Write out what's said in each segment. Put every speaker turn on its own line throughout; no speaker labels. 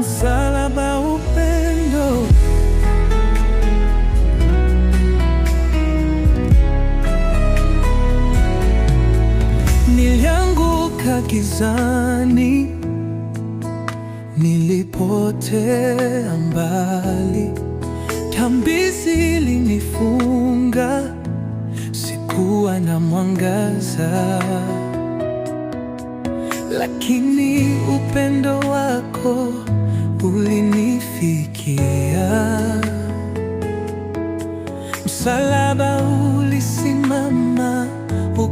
msalaba upendo, nilianguka gizani, nilipotea mbali, dhambi zilinifunga, sikuwa na mwangaza lakini upendo wako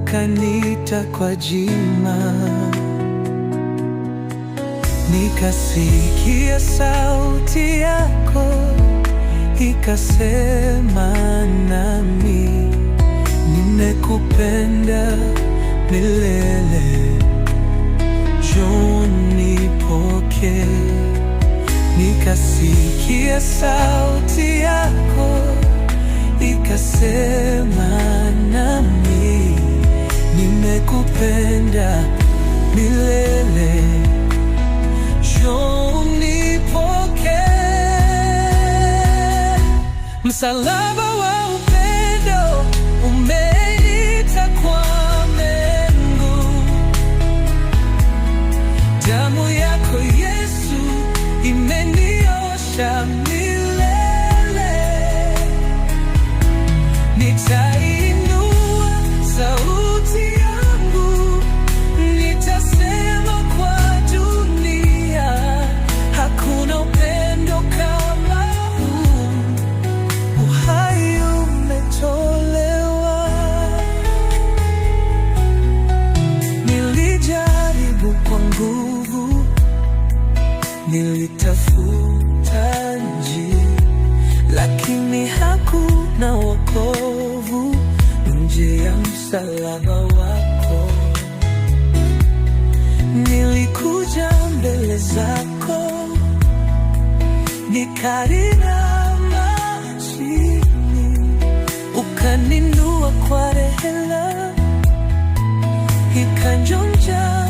akaniita kwa jina, nikasikia sauti yako ikasema nami, nimekupenda milele, njoo poke Nikasikia sauti yako ikasema nami kupenda milele. Njoo unipokee, msalaba wa upendo umeniita kwangu, damu yako Yesu imeniosha msalaba wako, nilikuja mbele zako nikarira majini ukaninua kwa rehela ikanjonja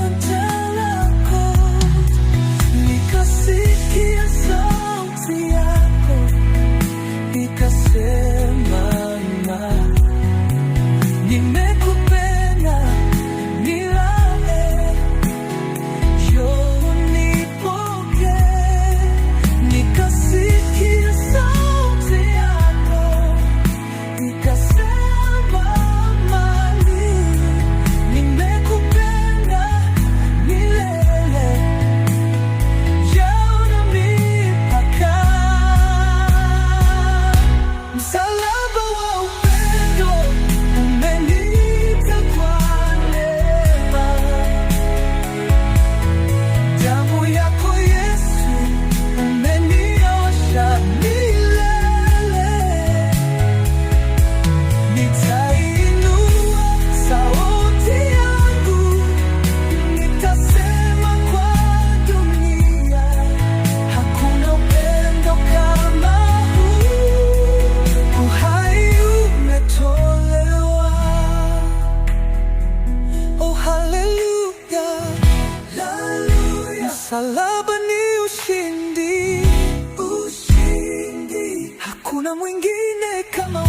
Msalaba ni ushindi,
ushindi.
Hakuna mwingine kama